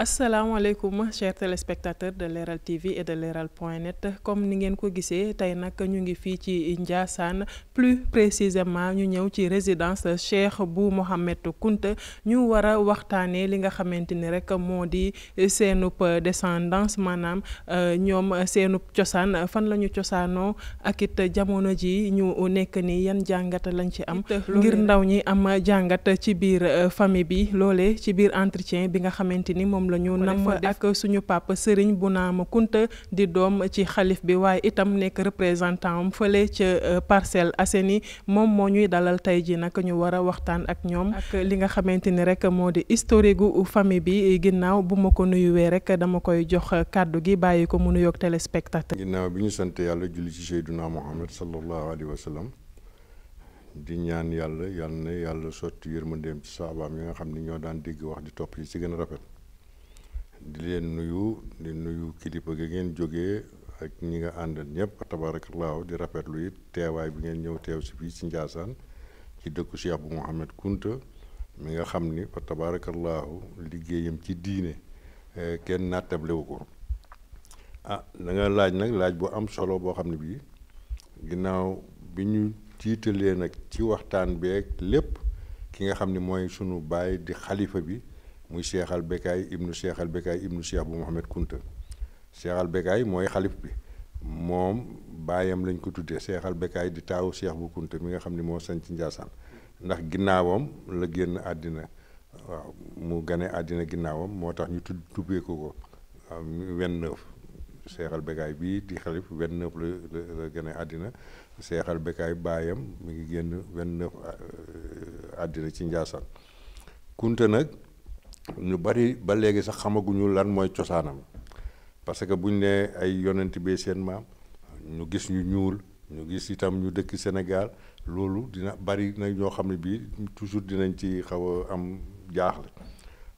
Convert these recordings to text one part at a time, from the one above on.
asalaamaaleykum chers téléspectateurs de Leral TV et de Leral.net comme ni ngeen ko gisee tey nag ñu ngi fii ci Ndiassane plus précisément ñu ñëw ci résidence Cheikh bu Mohamed Kunta ñu war a waxtaanee li nga xamante ni rek moo di seenub descendance maanaam euh, ñoom seenub cosaan fan la ñu cosaanoo ak it jamono ji ñu nekk ni yan jàngat lañ ci am ngir ndaw ñi am jàngat ci biir euh, famille bi loole ci biir entretien bi nga xamante ni moom moom la ñu nam ak suñu papa Serigne Bounama Kunta di doom ci xalif bi waaye itam nekk représentant am fële ca euh, Parcelles Assainies moom moo ñuy dalal tey ji nag ñu war a waxtaan ak ñoom li nga xamante ni rek moo di historique gu famille bi ginnaaw bu ma ko nuyuwee rek dama koy jox kàddu gi bàyyi ko mu nuyoog téléspectateur. ginnaaw bi ñu sant yàlla julli ci Seydina Muhammad sallallahu alayhi wa sallam di ñaan yàlla yal na yàlla sotti yërmandeem ci saabaam yi nga xam ni ñoo daan wax di topp yi ci gën di leen nuyu di nuyu kilifa gi ngeen jóge ak ñi nga àndal ñëpp tabaarakallaahu di rafetlu it teewaay bi ngeen ñëw teew si fii si Njaasaan ci dëkku Cheikh bu Mouhamed Kunta mi nga xam ni fa tabaarakallaahu liggéeyam ci diine eh, kenn naattablewu ko ah da nga laaj nag laaj bu am solo boo xam ne bii ginnaaw bi ñu tiitalee nag ci waxtaan beeg lépp ki nga xam ni mooy sunu baay di xalifa bi muy cheikh al bekaay ibnu cheikh al bekaay ibnu cheikh bu Mohamed Kunta cheikh al mooy xalif bi moom baayam lañ ko tuddee seexal al di taawu cheikh bu Kunta mi nga xam ni moo sañ ci Njaasaan ndax ginnaawam la génn àddina waaw mu gane àddina ginnaawam moo tax ñu tudd tubbeeku ko vingt-neuf seexal bekaay bii di xalif vingt-neuf la la gane àddina seexal bekaay baayam mu ngi génn vingt-neuf euh, àddina ci Njaasaan Kunta nag ñu bari ba léegi sax xamaguñu lan mooy cosaanam parce que buñ nee ay yonent bi seen maam ñu gis ñu ñuul ñu gis itam ñu dëkk Sénégal loolu dina bari na ñoo xam ne bii toujours dinañ ci xaw a am jaaxle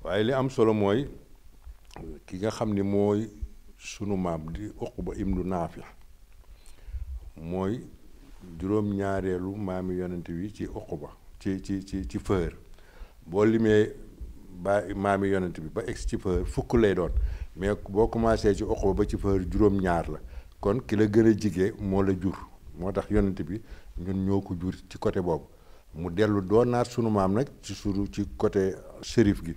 waaye li am solo mooy ki nga xam ni mooy sunu maam di Uqba ibnu Naafi mooy juróom ñaareelu maami yonent bi ci Uqba ci ci ci ci fër boo limee ba maami yonent bi ba egsi ci faar fukk lay doon mais boo commencé ci oqba ba ci faar juróom-ñaar la kon ki la gën a jige moo la jur moo tax yonent bi ñun ñoo ko jur ci côté boobu mu dellu naat sunu maam nag ci suru ci côté shérif gi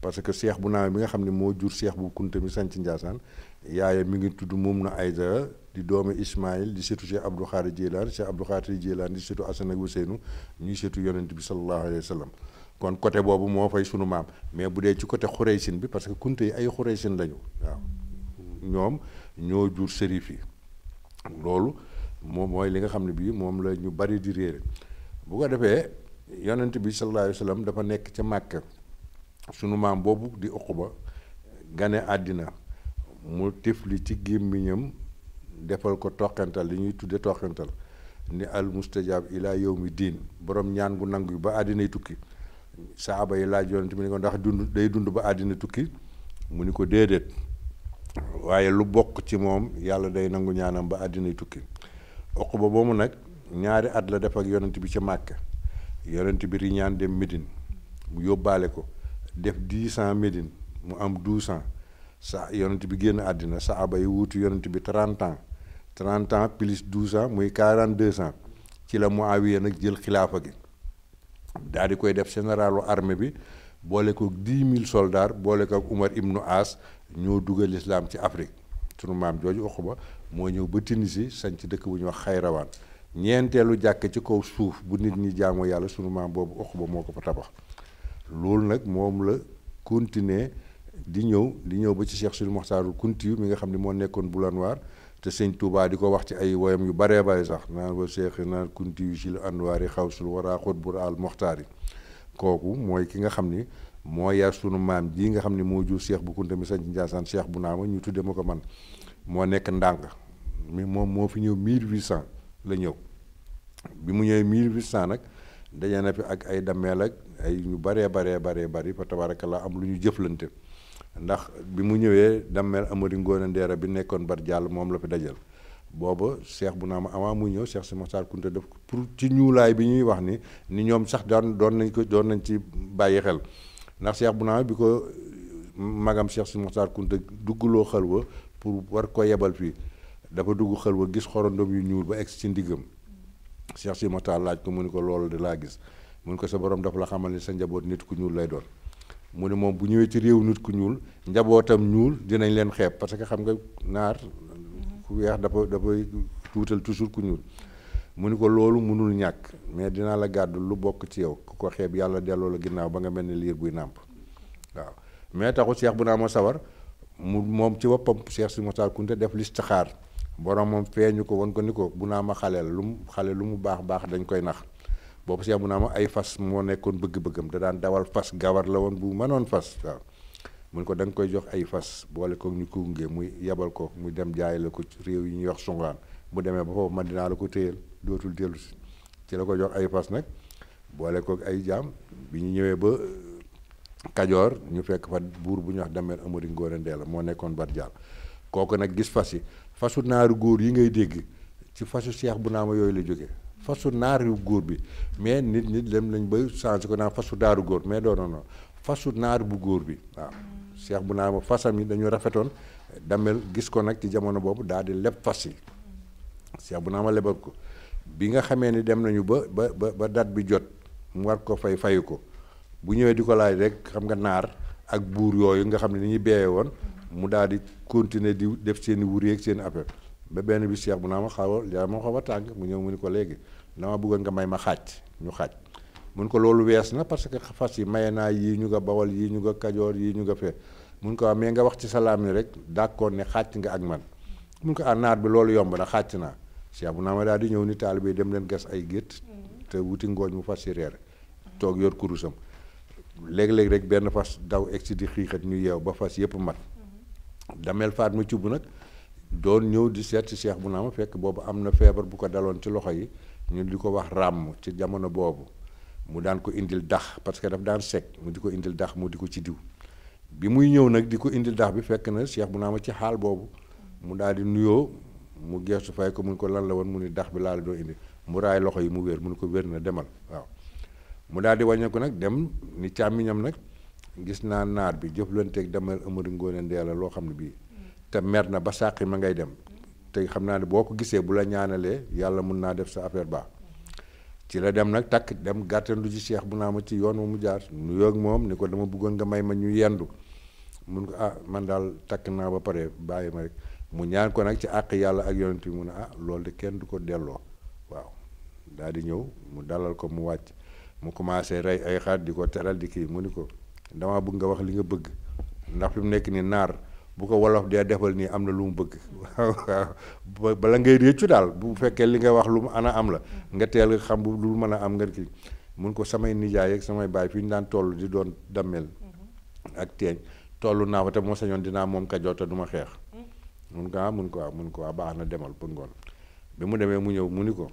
parce que seex bu naaw bi nga xam ne moo jur seex bu kunta mi sanc Njaasaan yaaya mi ngi tudd moom na Aydara di doomi Ismaïl di seetu Cheikh Abdou Khadir Jilaan Cheikh Abdou Khadir Jilaan di seetu Asan ak Useynu ñuy seetu yonent bi sallallahu alayhi wa sallam kon côté boobu moo fay sunu maam mais bu dee ci côté xureysin bi parce que kunte yi ay xureysin lañu waaw ñoom ñoo jur sërif yi loolu moom mooy li nga xam ne bii moom la ñu bari di réere bu ko defee yonent bi sallallahu alayhi dafa nekk ca Màkka sunu maam boobu di ba gane àddina mu tifli ci gémmiñam defal ko toqantal li ñuy tudde toqantal ni al mustajab ila yawmi diin borom ñaan gu nangu ba àddinay tukki saaba yi laaj yonent bi ni ko ndax dund day dund ba àddina tukki mu ni ko déedéet waaye lu bokk ci moom yàlla day nangu ñaanam ba àddina tukki ba boobu nag ñaari at la def ak yonent bi ca Màkka yonent bi riñaan dem Médine mu yóbbaale ko def dix ans Médine mu am douze ans sa yonent bi génn àddina saaba yi wuti yonant bi trente ans plus douze ans muy quarante deux ans ci la Muawiya nag jël xilaafa gi daal di koy def généralu armée bi boole ko 10 000 soldats boole ko ak Umar ibnu As ñoo dugal lislaam ci Afrique sunu maam jooju ba moo ñëw ba Tunisie sañ ci dëkk bu ñuy wax Xayrawaan ñeenteelu jàkk ci kaw suuf bu nit ñi jaamu yàlla sunu maam boobu Uqba moo ko fa tabax loolu nag moom la continuer di ñëw di ñëw ba ci Cheikh Sidi Moxtaarul Kunti mi nga xam ne moo nekkoon Boulanoir te sëñ Touba di ko wax ci ay woyam yu baree bare sax naan wa seexi naan kunti yu si la anwaari xawsul waraa xutbur al moxtaar yi kooku mooy ki nga xam ni moo yar sunu maam jii nga xam ni moo jur seex bu kunta mi sañ ci Njaasaan seex bu naama ñu tudde ma ko man moo nekk ndànk mi moom moo fi ñëw 1800 la ñëw bi mu ñëwee 1800 nag daje na fi ak ay dammeel ak ay ñu baree baree baree bari fa tabarakallaa am lu ñu jëflante ndax bi mu ñëwee dam mel dammel Amari Ngoone Ndeera bi nekkoon bar jàll moom la fi dajal booba Cheikh bu naa ma avant muy ñëw Cheikh Sy Mokhtar Kounta def pour ci ñuulaay bi ñuy wax ni ni ñoom sax daan doon nañ ko doon nañ ci bàyyi xel ndax Cheikh bu naa bi ko magam Cheikh Sy Mokhtar Kounta duggloo xalwa pour war ko yebal fii dafa dugg xalwa gis xorondom yu ñuul ba egg ci ndiggam Cheikh Sy Mokhtar laaj ko mu ni ko loolu di laa gis mu ni ko sa borom dafa la xamal ni sa njaboot nit ku ñuul lay doon mu ne moom bu ñëwee ci réew nit ku ñuul njabootam ñuul dinañ leen xeeb parce que xam nga naar ku weex dafa dafay tuutal toujours ku ñuul mu ni ko loolu mënul ñàkk mais dinaa la gàddu lu bokk ci yow ku ko xeeb yàlla delloo la ginnaaw ba nga mel ni liir buy nàmp waaw mais taxu Cheikh bu naa ma sawar mu moom ci woppam Cheikh si Moustapha Kounta def listixaar borom moom feeñu ko won ko ni ko bu naa ma xale lu mu xale lu mu baax baax dañ koy nax boobu si amu naa ma ay fas moo nekkoon bëgg-bëggam da daan dawal fas gawar la woon bu mënoon fas waaw mu ko da koy jox ay fas boole kook ñu gunge muy yebal ko mu dem jaay la ko réew yi ñuy wax songaan mu demee ba foofu man dinaa la ko téyel dootul dellu si ci la ko jox ay fas nag boole kook ay jaam bi ñu ñëwee ba euh, kajoor ñu fekk fa buur bu ñuy wax dameel amari ngóore ndee la moo nekkoon bat jaal kooku nag gis fas yi fasu naaru góor yi ngay dégg ci fasu seex bu naa ma yooyu la jóge fasu naaru góor bi mais nit nit dem nañ ba changé ko naan fasu daaru góor mais non non non fasu naar bu góor bi waaw. seex bu naa ma fasam yi dañu rafetoon damel gis ko nag ci jamono boobu daal di leb fas yi seex bu naa ma lebal ko bi nga xamee ni dem nañu ba ba ba dat bi jot mu war ko fay fayu ko bu ñëwee di ko laaj rek xam nga naar ak buur yooyu nga xam ne ni ñu beewee woon mu daal di continuer di def seen i wuureeg seen affaire. ba benn bi cheikh bu naa ma xaw a yaa ma xaw a tàng mu ñëw mu ni ko léegi dama bëggoon nga may ma xaaj ñu xaaj mun ko loolu wees na parce que fas yi may naa yii ñu nga bawal yii ñu nga kajoor yii ñu nga fee mun ko amee nga wax ci salaam ni rek d'accord ne xàcc nga ak man mun ko ah naar bi loolu yomb na xàcc naa cheikh bu naa ma daal di ñëw ni taalibe dem leen gas ay gétt te wuti ngooñ mu fas yi reere toog yor kurusam léeg-léeg rek benn fas daw egsi di xiixat ñu ba fas yëpp mat damel mu cubb nag doon ñëw di seet si naa ma fekk boobu am na feebar bu ko daloon ci loxo yi ñu di ko wax ràmm ci jamono boobu mu daan ko indil dax parce que daf daan sec mu di ko indil dax mu di ko ci diw bi muy ñëw nag di ko indil dax bi fekk na bu naa ma ci xaal boobu mu daal di nuyoo mu geestu fay ko mu mun ko lan la woon mu ni dax bi laa la indi mu raay loxo yi mu wér mu ne ko wér na demal waaw mu daal di wàññeeku nag dem ni càmmiñam nag gis naa naar bi jëflanteeg demal Amari Ngoone Ndeela loo xam ne bii te mer na ba sàqi ma ngay dem te xam naa ne boo ko gisee bu la ñaanalee yàlla mun naa def sa affaire baax ci la dem nag takk dem gàttandu ci cheikh bu naa ma ci yoon wa mu jaar mu ak moom ni ko dama bëggoon may ma ñu yendu mun ko ah man daal takk naa ba pare bàyyi ma mu ñaan ko nag ci àq yàlla ak yonent bi mu ne ah loolu de kenn du ko delloo waaw daal di ñëw mu dalal ko mu wàcc mu commencé rey ay xaat di ko teral di kii mu ni ko dama bëgg nga wax li nga bëgg ndax fi mu nekk ni naar bu ko wolof dee defal nii am na lu mu bëgg bala ngay réccu daal bu fekkee li ngay wax lu mu ana am la nga teel nga xam bu lu mën a am nga kii mun ko samay nijaay ak samay baay fi ñu daan tollu di doon dammel mm-hmm. ak teeñ toll naa fa te moo sañoon dinaa moom kajoor te du ma xeex mm-hmm. mun ko ah mun ko ah ko ah, baax na demal pour ngoon bi mu demee mu ñëw mu ni ko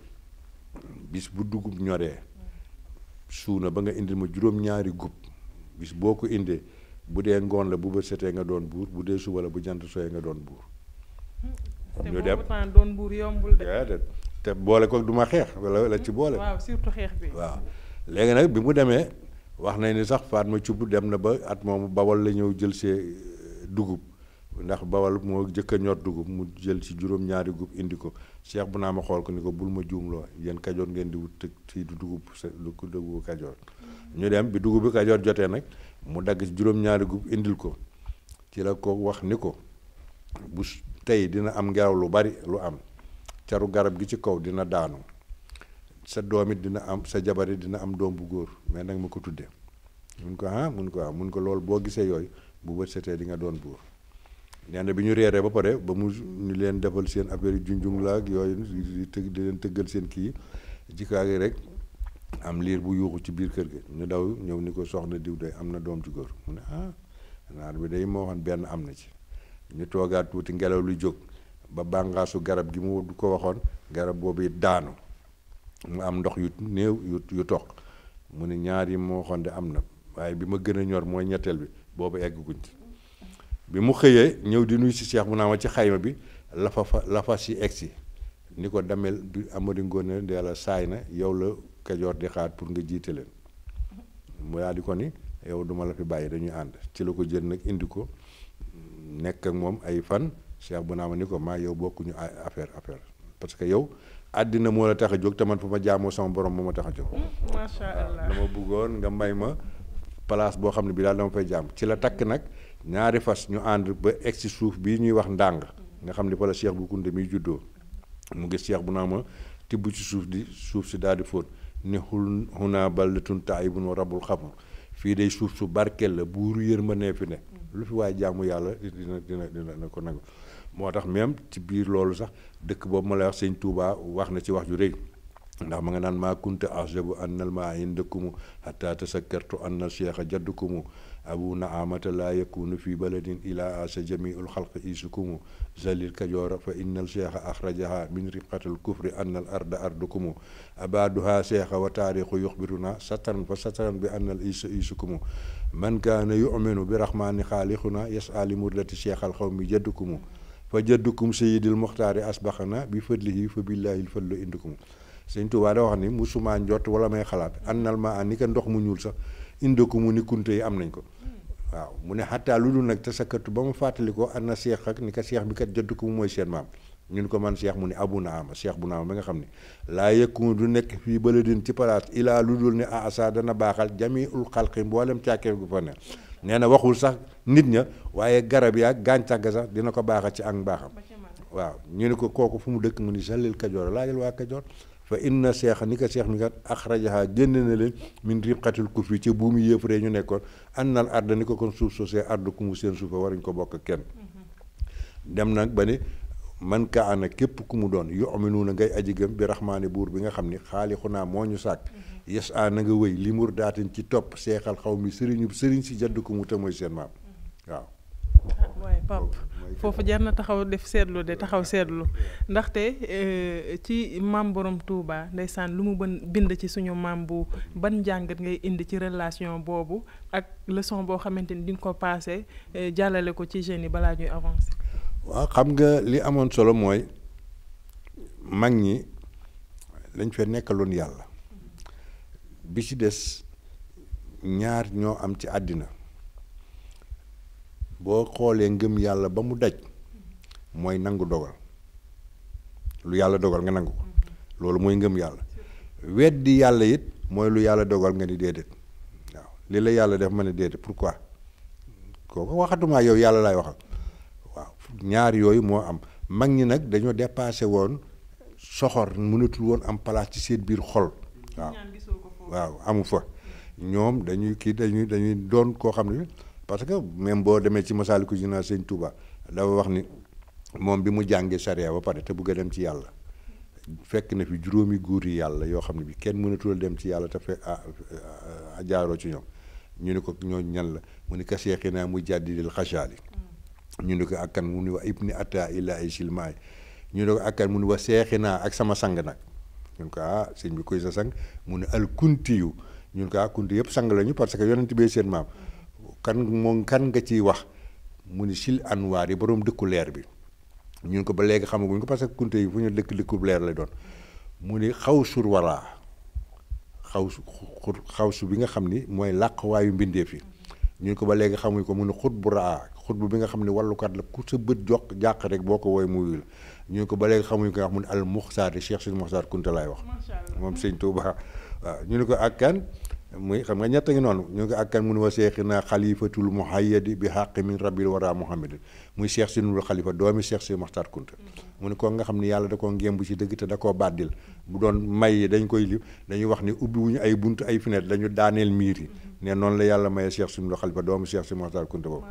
bis bu dugub ñoree mm-hmm. suuna ba nga indi ma juróom-ñaari gub bis boo ko indee bu dee ngoon la bu bët setee nga doon buur bu dee suba la bu jant sooyee nga doon buur. Hmm, ñu dem boole ko du ma xeex wala ci boole. waaw waaw léegi nag bi mu demee wax nañ ni sax Fatma Cubb dem na ba at moomu bawal la ñëw jël see eh, dugub ndax bawal moo jëkk a dugub mu jël si juróom gub indi ko Cheikh bu naa ma xool ko ni ko bul ma juumloo yéen kajoor ngeen di wut te fii du dugub du dugub kajoor hmm. ñu dem bi dugub bi kajoor jotee nag. mu dagg ci juróom-ñaari gub indil ko ci la ko wax ni ko bu tey dina am ngelaw lu bari lu am caru garab gi ci kaw dina daanu sa doomit dina am sa jabar it dina am doom bu góor mais nag ma ko tudde mun ko ah mun ko ah mun ko lool boo gisee yooyu bu bët setee di nga doon buur nee bi ñu reeree ba pare ba mu ñu leen defal seen affaire junjung la ak yooyu di leen tëggal seen kii jikaar jikkaagi rek am liir bu yuuxu ci biir kër gi ñu daw ñëw ni ko soxna diw day am na doom ju góor mu ne ah naar bi day moo waxoon benn am na ci ñu toogaat tuuti ngelaw lu jóg ba bàngaasu garab gi mu ko waxoon garab boobu it daanu mu am ndox yu néew yu toq mu ne ñaar yi moo waxoon de am na waaye bi ma gën a ñor mooy ñetteel bi boobu egguñ ci bi mu xëyee ñëw di nuyu si Cheikh mu naa ma ci xayma bi la fa fa la fa si egsi ni ko damel du Amari Ngoone Ndeela saay na yow la Kajoor di xaat pour nga jiite leen mu daal di ko ni yow duma la fi bàyyi dañuy ànd ci la ko jël nag indi ko nekk ak moom ay fan Cheikh bu naa ma ni ko maa yow bokkuñu affaire affaire parce que yow àddina moo la tax a jóg te man fu ma jaamoo sama borom moo ma tax a jóg. Hmm, macha allah dama bëggoon nga mbay ma place boo xam ne bi daal dama fay jaam ci la takk nag ñaari fas ñu ànd ba egg si suuf bii ñuy wax ndàng nga xam ni fa la Cheikh bu Kunta miy juddoo mu gis Cheikh bu naa ma tibb ci suuf di suuf si daal di fóot ne xul xunaa ballatun taayibun nu rabul xafur fii dey suuf su barkeel la buur ma yërmande fi ne lu fi waaye jaamu yàlla dina dina dina ko nag moo tax même ci biir loolu sax dëkk boobu ma lay wax sëñ Touba wax na ci wax ju rëy ndax ma nga naan maa kunta ahjabu annal maa indakumu hatta tasakkartu anna cheikha mu abu naamata laa yakunu fi baladin ilaa asa jamiul xalq isukumu zalil kajoora fa innal seexa axrajaha min riqatil kufri annal arda ardukumu abaduha seexa wa taarixu yuxbiruna sataran fa sataran bi annal isa isukumu man kaana yuminu bi raxmaani xaalixuna yasa li murdati seexal xawmi jaddukumu fa jaddukum sayidil muxtaari asbaxana bi fadlihi fa billaahil fadlu indukumu sëñ Tuubaa da wax ni musuma njott wala may xalaat annal ma an ni ko ndox mu ñuul sax indoo ko mu ni kunta yi am nañ ko waaw mu ne xattaa lu dul nag te sakatu ba mu fàttali ko na seex ak ni ka seex bi kat jot ko mu mooy seen maam ñu ni ko man seex mu ne abu naama seex bu naama ba nga xam ne laa yëkkuma du nekk fii baladin ci palaas ilaa lu dul ne aasa dana baaxal jamiul xalqi mboolem càkkeef gu fa ne nee na waxul sax nit ña waaye garab yaa gàncax ga sax dina ko baaxal ci ak mbaaxam waaw ñu ne ko kooku fu mu dëkk mu ni salil kajoor waa kajoor fa na seexa ni ko seex mi kat axrajaha génne na leen min ribqatil ci ca buumi yéefaree ñu nekkoon annal arda ni ko kon suuf soosee ardu ku mu seen suufa waruñ ko bokk kenn dem nag ba ne man ka ana képp ku mu doon yuminuuna ngay aji gëm bi raxmaani buur bi nga xam ni xaalixu naa moo ñu sàkk yes a na nga wëy li mur daatin ci topp seexal xaw mi sëriñu sëriñ si jadd ku mu te mooy seen maam waaw waaye Pape foofu jar na taxaw def seetlu de taxaw seetlu ndaxte euh, ci maam borom Touba ndeysaan lu mu bën bind ci suñu maam bu ban njàngat ngay indi ci relation boobu ak leçon boo xamante ni di nga ko paase euh, jàllale ko ci jeunes yi balaa ñuy avancer. waaw xam nga li amoon solo mooy mag ñi lañ fee nekkaloon yàlla bi ci des ñaar ñoo am ci àddina. boo xoolee ngëm yàlla ba mu daj mooy nangu dogal lu yàlla dogal nga nangu ko loolu mooy ngëm yàlla di yàlla it mooy lu yàlla dogal nga ni déedéet waaw li la yàlla def ma ne déedéet pourquoi kooku waxatumaa yow yàlla laay waxal waaw ñaar yooyu moo am mag ñi nag dañoo dépassé woon soxor mënatul woon am place ci seen biir xol waaw waaw amu fa ñoom dañuy kii dañuy dañuy doon koo xam ni parce que même boo demee ci Masaalikul Jinaan sëñ Touba dafa wax ni moom bi mu jàngee sariya ba pare te bëgg a dem ci yàlla fekk na fi juróomi góor yi yàlla yoo xam ne bi kenn mënatul dem ci yàlla te fe a jaaroo ci ñoom ñu ne ko ñoo ñan la mu ne ka seexinaa mu jàddidil xasaali ñu ne ko akkan mu ne wa ibni ataa ay ñu ne ko akkan mu ne wa naa ak sama sang nag ñu ne ko ah sëñ bi koy sa sang mu ne al kunti yu ñu ne ko ah kunti yëpp sang lañu parce que yonent bee seen maam kan moom kan nga ciy wax mu ni sil anwaar yi boroom dëkku leer bi ñun ko ba léegi xamaguñ ko parce que kunte yi fu ñu dëkk dëkku leer la doon mu ni xaw sur wala xaw xawsu bi nga xam ni mooy làqwaayu mbindeef yi ñun ko ba léegi xamuñ ko mu ni xut bu raa xut bu bi nga xam ne wallukat la ku sa bët jox jàq rek boo ko woy muyu la ñun ko ba léegi xamuñ ko wax mu ni al muxtaar yi cheikh sil muxtaar kunte laay wax moom sëñ Tuubaa waaw ñu ko ak kan muy xam nga ñett ngi noonu ñu ngi ak kan mun wa seexina xalifatul muhayyadi bi xaqi min rabbil wara muhammadin muy seex si nurul xalifa yàlla da koo ngémb ci dëgg te da dañ koy li dañuy wax ni ubbi wuñu ay bunt ay fenêtre dañu daaneel miir yi ne noonu la yàlla maye seex si nurul xalifa doomi seex si maxtaar kunta boobu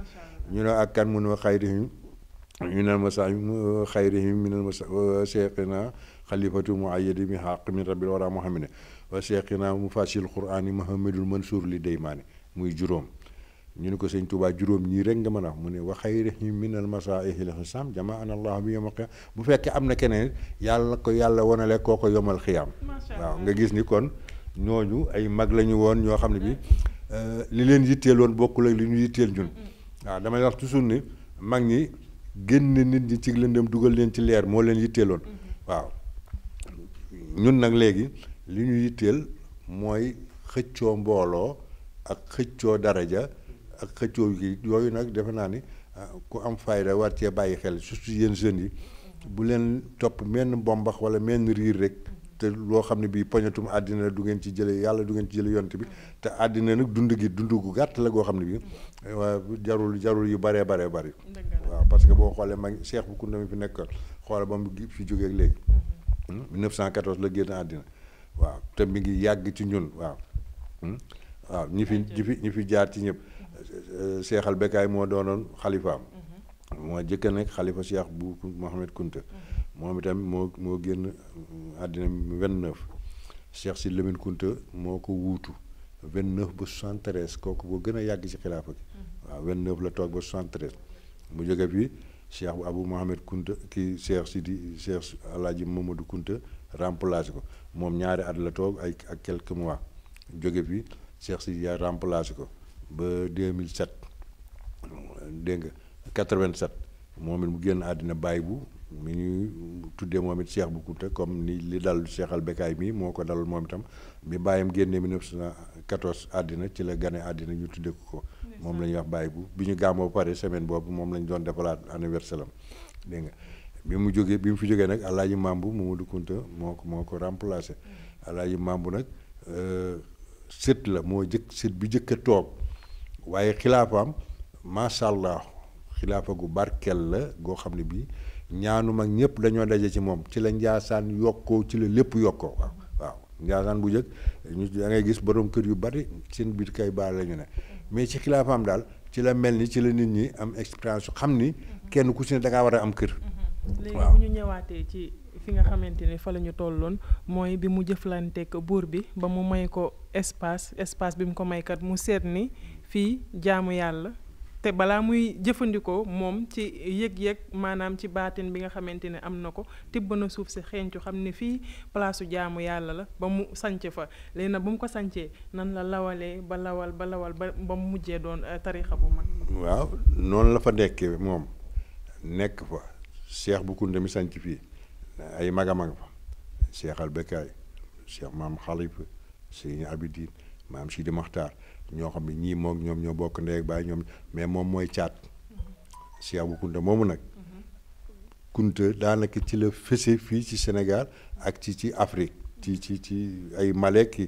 ñu ne ak kan mun wa xayrihim ñu ne ma saa xayrihim minal ma seexina xalifatu muhayyadi bi xaqi min rabbil wara muhammadin wa cheikhina mu fasil qurani mahamadul mansour li deymaane muy juróom ñu ne ko sëñ Tuubaa juróom ñii rek nga mën a mu ne wa xayrihim minal masaihil xisam jamaana allah bi yomal xiyaam bu fekkee am na keneen yàlla ko yàlla wanale koo ko yomal xiyaam waaw nga gis ni kon ñooñu ay mag lañu woon ñoo xam ne bi euh, li leen yitteel woon bokkul ak li ñu yitteel ñun waaw damay wax toujours ni mag ñi génn nit ñi ci lëndam dugal leen ci leer moo leen yitteeloon waaw ñun nag léegi li ñu yitteel mooy xëccoo mbooloo ak xëccoo daraja ak xëccoo yi yooyu nag defe naa ni ah, ku am fayda war cee bàyyi xel surtout yéen jeunes yi bu leen topp menn mbombax wala menn riir rek te loo xam ne bii poñatum àddina du ngeen ci jële yàlla du ngeen ci jële yont bi te àddina nag dund gi dund gu gàtt la goo xam ne bii jarul jarul yu baree baree bari waaw parce que boo xoolee mag Cheikh bu Kounda mi fi nekkoon xoola ba mu fi jógee léegi 1914 mm-hmm. hmm? la génn àddina waaw te mi ngi yàgg ci ñun waaw hmm? waaw ñi fi ñi fi fi jaar ci ñëpp seexal eh, bekaay moo doonoon xalifaam mm-hmm. moo jëkk a nekk xalifa seex bu Mohamed Kunta mm-hmm. moom itam moo moo génn àddina vingt-neuf seex si Lamine Kunta moo ko wuutu vingt-neuf ba soixante kooku boo gën a yàgg ci xilaafa gi mm-hmm. waaw vingt-neuf la toog ba soixante-treize mu jóge fii seex bu Abu Mohamed Kunta kii seex si di seex Alaaji Mamadou Kunta remplacé ko moom ñaari at la toog ay ak quelque mois jóge fi Cheikh ya remplacé ko ba 2007 dégg nga 87 moom it mu génn àddina bàyyi bu mi ñuy tuddee moom it Cheikh Bou Kounta comme ni li dal Cheikh Al Bekkay mii moo ko dalal moom itam bi bàyyam génnee 1914 àddina ci la gane àddina ñu tuddee ko moom la ñuy wax bàyyi bu bi ñu gàmmoo pare semaine boobu moom la doon defalaat anniversaire am dégg nga. bi mu jógee bi mu fi jógee nag alaaji moom Mamadou Kunta moo ko moo ko remplacé alaaji Mambu nag euh, sët la moo jëkk sët bi jëkk a toog waaye xilaafaam macha allah xilaafa gu barkeel la goo xam ne bii ñaanu mag ñëpp dañoo daje ci moom ci la njaasaan yokkoo ci la lépp yokkoo waaw waaw njaasaan bu jëkk ñu da ngay gis borom kër yu bari seen biir kay baal la ñu ne mais ci xilaafaam daal ci la mel ni ci la nit ñi am expérience xam ni kenn ku si ne da ngaa war a am kër. léegi bu ñu ñëwaatee ci fi nga xamante ni fa la ñu tolloon mooy bi mu jëflanteeg buur bi ba mu may ko espace espace bi mu ko maykat mu seet ni fii jaamu yàlla te balaa muy jëfandikoo moom ci yëg-yëg maanaam ci baatin bi nga xamante ne am na ko tibb na suuf si xeeñcu xam ne fii palaasu jaamu yàlla la ba mu sanc fa léegi nag ba mu ko sancee nan la lawalee ba lawal ba lawal ba ba mu mujjee doon eh, tarixa bu mag waaw noonu la fa nekkee moom nekk fa cheikh bu Kounta mi sanc fii ay maga mag fa cheikh albekaay cheikh maam xalifa sëriñ abidin maam sidi maxtaar ñoo xam ne ñii mook ñoom ñoo bokk ndey ak baay ñoom mais moom mooy caat cheikh bu Kounta moomu nag Kounta daanaka ci la fese fii ci Sénégal ak ci ci Afrique ci ci ci ay Malek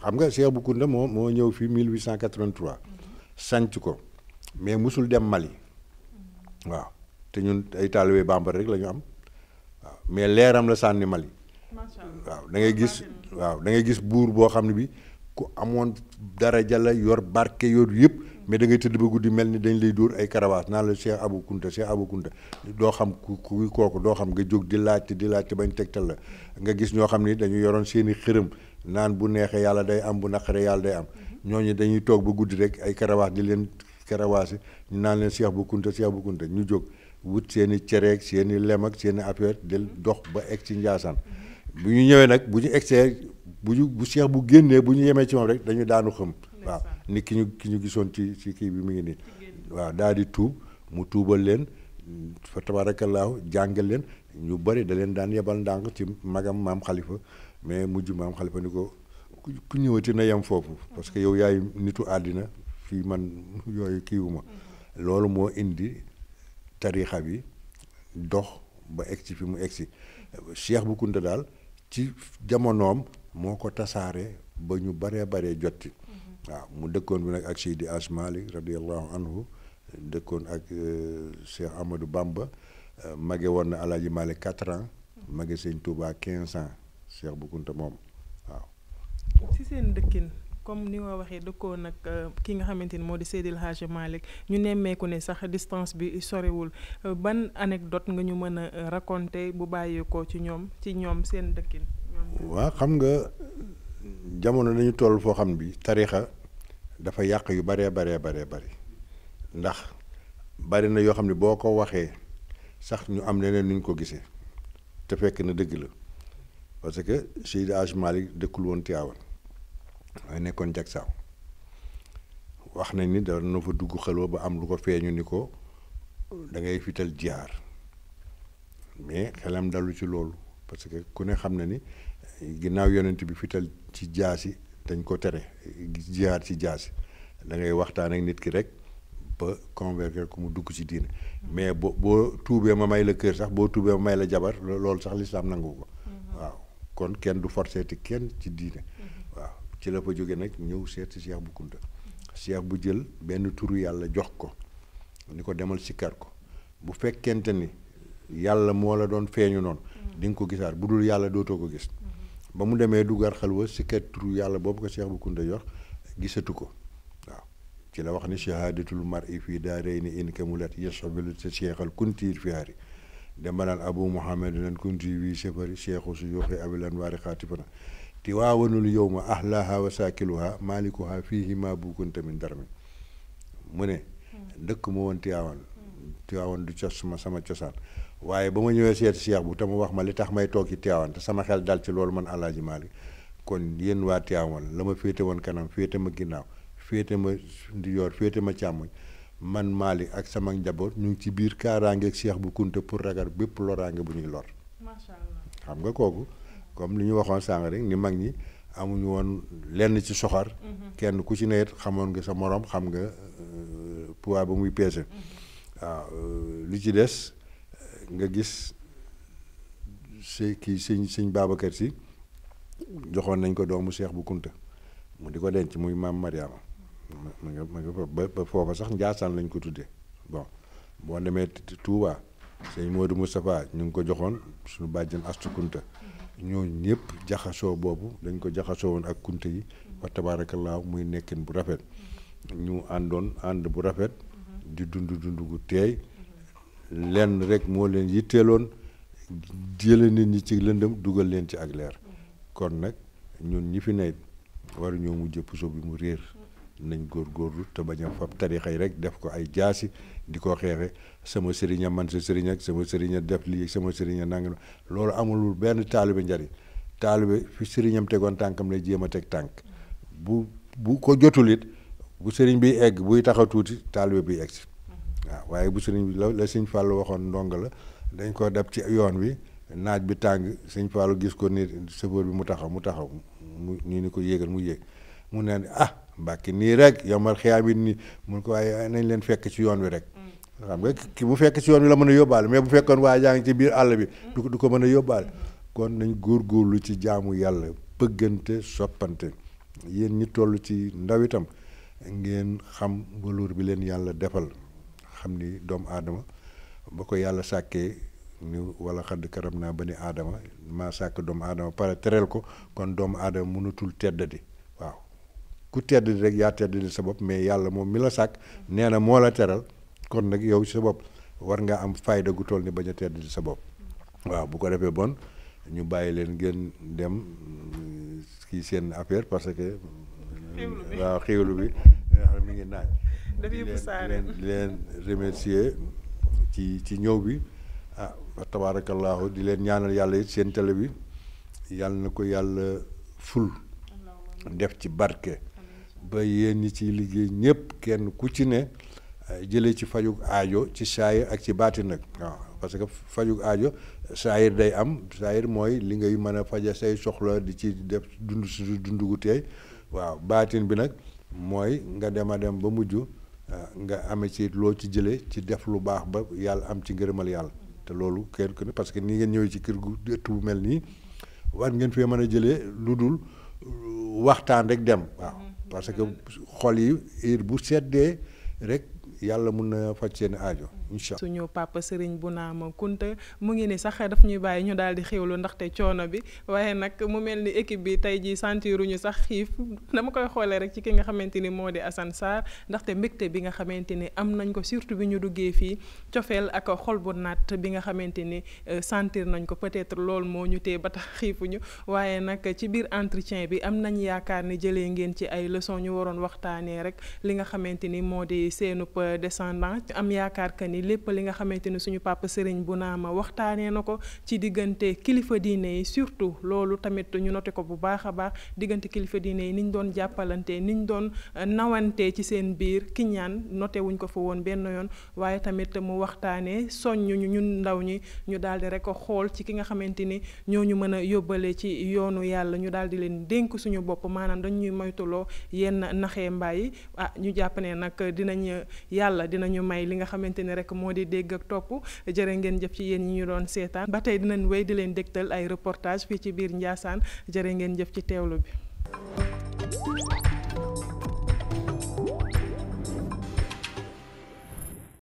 xam nga Cheikh bu Kounta moo moo ñëw fii 1883 sanc ko mais musul dem Mali waaw te ñun ay taalibe bambara rek la ñu am waaw mais leeram la sànni Mali waaw da gis waaw da ngay gis buur boo xam ne bi ku amoon dara jàlla yor barke yor yëpp me da ngay tëdd ba guddi mel ni dañ lay dóor ay karawaas naan la Cheikh Abou Kounta Cheikh doo xam kooku doo xam nga jóg di laajte di laajte bañ tegtal la nga gis ñoo xam ni dañu yoroon seeni xërëm naan bu neexee yàlla day am bu naqaree yàlla day am ñooñu dañuy toog ba guddi rek ay karawaas di leen karawaasi ñu naan leen Cheikh Abou Kounta Cheikh Abou ñu jóg wut seen i cereeg seen i lem seen i affaire del dox ba egg ci Ndiassane bu ñu ñëwee nag bu ñu egsee bu ñu bu seex bu génnee bu ñu yemee ci moom rek dañu daanu xëm waaw nit ki ñu ki ñu gisoon ci ci kii bi mu ngi nii waaw daal di tuub mu tuubal leen fa tabaarakallaahu jàngal leen ñu bëri da leen daan yebal ndànk ci magam maam xalifa mais mujj maam xalifa ni ko ku ñëwati na yem foofu parce que yow yaay nitu àddina fii man yooyu kiiwuma mm-hmm. loolu moo indi tarixa bi dox ba egsi fi mu egsi Cheikh Bou Kounta daal ci jamonoom moo ko tasaare ba ñu baree baree jot mhm. waaw mu dëkkoon bi nag ak Seydi Aj Malik radiallahu anhu dëkkoon ak euh, Cheikh Amadou Bamba euh, mage woon na Alaaji Malik quatre ans mage Sëñ Tuubaa quinze ans Cheikh Bou Kounta moom waaw comme ni nga waxee dëkkoo nag euh, ki nga xamante ni moo di Seydil Hadji Malick ñu nemmeeku ne sax distance bi sorewul euh, ban anecdote nga ñu mën a euh, raconter bu bàyyeekoo ci ñoom ci ñoom seen dëkkin. waaw xam nga jamono dañu toll foo xam bi tarixa dafa yàq yu baree baree baree bari ndax bari na yoo xam ne boo ko waxee sax ñu am leneen nu ñu ko gisee te fekk na dëgg la parce que Seydi Hadji Malick dëkkul woon Tiwaawan mooy nekkoon jag saaw wax nañ ni da na fa dugg xalwa ba am lu ko feeñu ni ko da ngay fital jaar mais xelam dalu ci loolu parce que ku ne xam na ni ginnaaw yonent bi fital ci jaasi dañ ko tere jihaar ci jaasi da ngay waxtaan ak nit ki rek ba convaincre ku mu dugg ci diine mais boo boo tuubee ma may la kër sax boo tuubee ma may la jabar loolu sax lislaam nangu ko mm-hmm. waaw kon kenn du forcé kenn ci diine ci la fa jóge nag ñëw seet si Cheikh bu Kunta Cheikh bu jël benn turu yàlla jox ko ni ko demal sikkar ko bu fekkente ni yàlla moo la doon feeñu noonu mm. di nga ko gisaat bu dul yàlla dootoo ko gis mm-hmm. ba mu demee dugaar xalwa sikkar turu yàlla boobu ko Cheikh bu Kunta jox gisatu ko waaw ci la wax ni shahaadatul mar'i fii daarayni in kamulat yasabilu sa cheikhal kunti fihaari dem ba naan abu muhammad lan kunti wii safari cheikhu suyuuxi abilan waari xaati xaatifana tiwaawanul yawma ahlaaha wa saakiluha maalikuha fiihi maa bukunta min darmin mu ne dëkk ma woon tiwaawan tiwaawan du cos ma sama cosaan waaye ba ma ñëwee seet seex bu te ma wax ma li tax may toog ci tiwaawan te sama xel dal ci loolu man alaaji maalik kon yéen waa tiwaawan la ma féete woon kanam féete ma ginnaaw féete ma ndijoor féete ma càmmoñ man maalik ak sama njaboot ñu ngi ci biir kaaraangeeg seex bu kunta pour ragal bépp loraange bu ñuy lor nga kooku comme li ñu waxoon sàng rek ni mag ñi amuñu woon lenn ci soxor kenn ku ci nawet xamoon nga sa morom xam nga euh, poids ba muy peese waaw euh, lu ci des euh, nga gis si kii sëñ sëñ Babacar si joxoon nañ ko doomu Seex bu Kunta mu di ko denc muy maam Mariama ma nga ma nga ba ba foofa sax Njaasaan lañ ko tuddee bon boo demee Touba sëñ Modou Moustapha ñu ngi ko joxoon suñu bàjjen Astu Kunta ñooñu ñëpp jaxasoo boobu dañ ko jaxasoo woon ak kunte yi wa laaw muy nekkin bu rafet ñu àndoon ànd bu rafet di dund dund gu teey lenn rek moo leen yitteeloon jële nit ñi ci lëndëm dugal leen ci ak leer kon nag ñun ñi fi ne waruñoo mujj puso bi mu réer nañ góor te bañ a fab tarixa yi rek def ko ay jaasi di ko xeexe sama sëriña man sa sëriñ ak sama sëriña def lii sama sëriña nangam loolu amul benn taalibe njariñ taalibe fi sëriñam tegoon tànkam lay jéem a teg tànk bu bu ko jotul it bu sëriñ bi egg buy taxaw tuuti taalibe bi egg si waaw waaye bu sëriñ bi la la sëñ Fàllu waxoon ndongo la dañ ko def ci yoon wi naaj bi tàng sëñ Fàllu gis ko ni chauffeur bi mu taxaw mu taxaw mu ñu ni ko yéegal mu yéeg mu ne ah mbàkki nii rek yomal xiyaam it nii mun ko waaye nañ leen fekk ci yoon wi rek xam bu fekk ci yoon wi la mën a yóbbaale mais bu fekkoon waa jaa ngi ci biir àll bi du ko du ko mën a yóbbaale kon nañ góor góorlu ci jaamu yàlla bëggante soppante yéen ñi toll ci ndaw itam ngeen xam valeur bi leen yàlla defal xam ni doomu aadama ba ko yàlla sàkkee ni wala xadd karam naa ba ni aadama maa sàkk doomu aadama pare tereel ko kon doomu aadama mënatul teddadi ku tedd di rek yaa tedd di sa bopp mais yàlla moom mi la sàkk nee na moo la teral kon nag yow sa bopp war nga am fayda gu toll ni bañ a tedd di sa bopp waaw bu ko defee bon ñu bàyyi leen ngeen dem mm, kii seen affaire parce que waaw xéwlu bi ah, mi ngi naaj di leen remercier ci ci ñëw bi ah tabaarakallaahu di leen ñaanal yàlla it seen télé bi yàlla na ko yàlla ful def ci barke ba yéen ñi ciy liggéey ñëpp kenn ku ci ne euh, jëlee ci fajug aajo ci saayir ak ci baati nag waaw parce que fajug aajo saayir day am saayir mooy li ngay mën a faja say soxla di ci def dund si dund gu tey waaw baatin bi nag mooy nga dem a dem ba mujj euh, nga amee ci loo ci jëlee ci def lu baax ba yàlla am ci ngërëmal yàlla te loolu kenn ku ne parce que nii ngeen ñëwee ci kër gu ëtt bu mel nii war ngeen fee mën a jëlee lu dul euh, waxtaan rek dem waaw parce que xol yi heure bu seddee rek yàlla mun na faj seen aajo incha suñu papa Serigne Bounama Kunta mu ngi ni sax dafa ñuy bàyyi ñu daal di xiwlu ndaxte coono bi waaye nag mu mel ni équipe bi tey jii sentiruñu sax xiif dama koy xoolee rek ci ki nga xamante ni moo di Assane Sarr ndaxte mbégte bi nga xamante ni am nañ ko surtout bi ñu duggee fii cofeel ak xol bu bi nga xamante ni euh, sentir nañ ko peut-être loolu moo ñu tee ba tax xiifuñu waaye nag ci biir entretien bi am nañ yaakaar ni jëlee ngeen ci ay leçon ñu waroon waxtaanee rek li nga xamante ni moo di seenub euh, descendant am yaakaar que ni lépp li nga xamante ni suñu papa Serigne Bounama waxtaanee na ko ci diggante kilifa diine yi surtout loolu tamit ñu noté ko bu baax a baax diggante kilifa diine yi niñ doon jàppalante niñ doon euh, nawante ci seen biir ki ñaan noté ko fa woon benn yoon waaye tamit mu waxtaanee soññu ñu ñun ndaw ñi ñu daal di rek xool ci ki nga xamante ni ñoo ñu mën a yóbbale ci yoonu yàlla ñu daal di leen dénk suñu bopp maanaam dañuy moytuloo yenn naxee mbaay ah ñu jàpp rek moo di dégg ak topp jërë ngeen jëf ci yéen ñi ñu doon seetaan ba tey dinañ wey di leen dégtal ay reportage fii ci biir Njaasaan jërë ngeen jëf ci teewlu bi